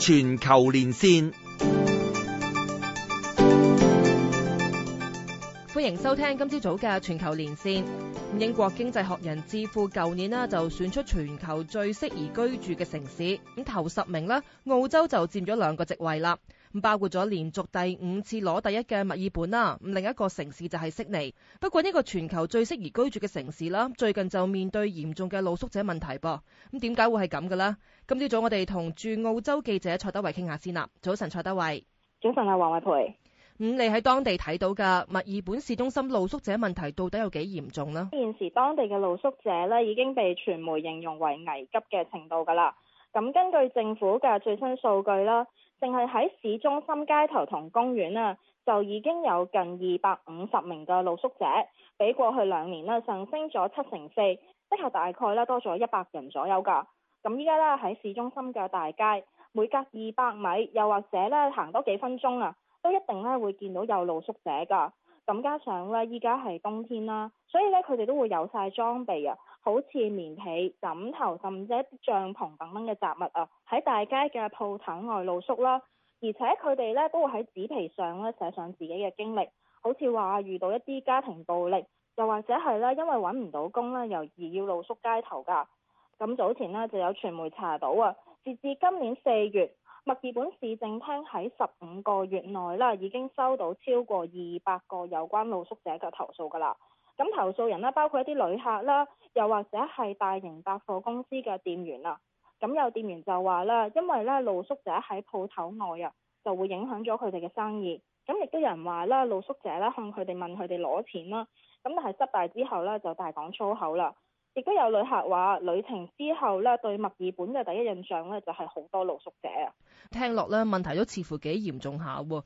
全球連線，歡迎收聽今朝早嘅全球連線。英國經濟學人智庫舊年呢就選出全球最適宜居住嘅城市，咁頭十名呢，澳洲就佔咗兩個席位啦。包括咗連續第五次攞第一嘅墨爾本啦，咁另一個城市就係悉尼。不過呢個全球最適宜居住嘅城市啦，最近就面對嚴重嘅露宿者問題噃。咁點解會係咁嘅咧？今朝早我哋同駐澳洲記者蔡德蕙傾下先啦。早晨，蔡德蕙。早晨，啊黃偉培。咁你喺當地睇到噶墨爾本市中心露宿者問題到底有幾嚴重呢？現時當地嘅露宿者呢，已經被傳媒形容為危急嘅程度噶啦。咁根據政府嘅最新數據啦。淨係喺市中心街頭同公園啊，就已經有近二百五十名嘅露宿者，比過去兩年咧上升咗七成四，即係大概咧多咗一百人左右㗎。咁依家咧喺市中心嘅大街，每隔二百米又或者咧行多幾分鐘啊，都一定咧會見到有露宿者㗎。咁加上咧依家係冬天啦，所以咧佢哋都會有晒裝備啊。好似棉被、枕頭，甚至一啲帳篷等等嘅雜物啊，喺大街嘅鋪頭外露宿啦。而且佢哋咧都會喺紙皮上咧寫上自己嘅經歷，好似話遇到一啲家庭暴力，又或者係咧因為揾唔到工咧，又而要露宿街頭㗎。咁早前呢就有傳媒查到啊，截至今年四月，墨爾本市政廳喺十五個月內啦，已經收到超過二百個有關露宿者嘅投訴㗎啦。咁投訴人啦，包括一啲旅客啦，又或者係大型百貨公司嘅店員啊。咁有店員就話啦，因為咧露宿者喺鋪頭外啊，就會影響咗佢哋嘅生意。咁亦都有人話啦，露宿者咧向佢哋問佢哋攞錢啦。咁但係失敗之後咧，就大講粗口啦。亦都有旅客話，旅程之後咧，對墨爾本嘅第一印象咧，就係好多露宿者啊。聽落咧，問題都似乎幾嚴重下。咁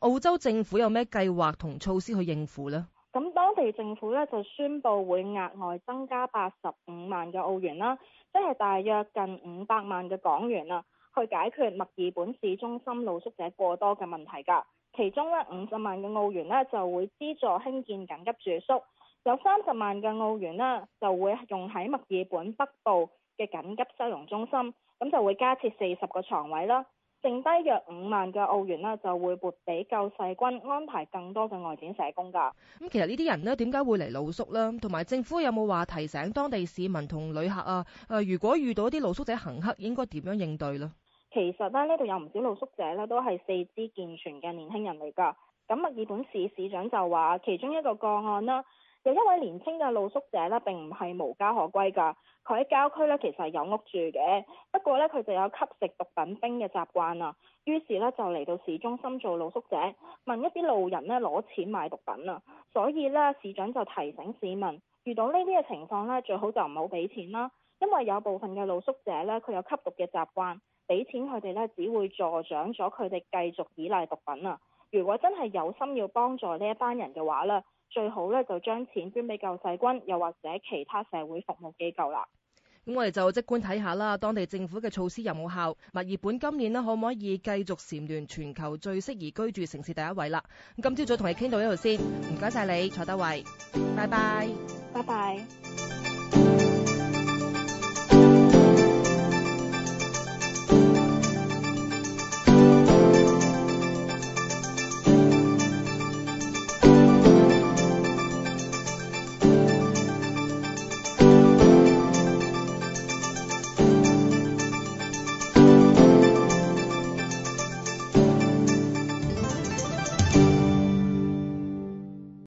澳洲政府有咩計劃同措施去應付呢？咁當地政府咧就宣布會額外增加八十五萬嘅澳元啦，即係大約近五百萬嘅港元啦，去解決墨爾本市中心露宿者過多嘅問題㗎。其中咧五十萬嘅澳元呢，就會資助興建緊急住宿，有三十萬嘅澳元呢，就會用喺墨爾本北部嘅緊急收容中心，咁就會加設四十個床位啦。剩低約五萬嘅澳元咧，就會撥俾救世軍安排更多嘅外展社工噶。咁其實呢啲人咧，點解會嚟露宿呢？同埋政府有冇話提醒當地市民同旅客啊？誒，如果遇到啲露宿者行乞，應該點樣應對呢？其實咧，呢度有唔少露宿者咧，都係四肢健全嘅年輕人嚟噶。咁墨爾本市市長就話，其中一個個案啦。有一位年輕嘅露宿者呢，並唔係無家可歸㗎。佢喺郊區呢，其實有屋住嘅。不過呢，佢就有吸食毒品冰嘅習慣喇。於是呢，就嚟到市中心做露宿者，問一啲路人呢攞錢買毒品啊。所以呢，市長就提醒市民，遇到呢啲嘅情況呢，最好就唔好俾錢啦，因為有部分嘅露宿者呢，佢有吸毒嘅習慣，俾錢佢哋呢，只會助長咗佢哋繼續依賴毒品啊。如果真係有心要幫助呢一班人嘅話咧，最好咧就將錢捐俾救世軍，又或者其他社會服務機構啦。咁我哋就即管睇下啦，當地政府嘅措施有冇效，墨爾本今年呢，可唔可以繼續蟬聯全球最適宜居住城市第一位啦？咁今朝早同你傾到呢度先，唔該晒你，蔡德蕙，拜拜，拜拜。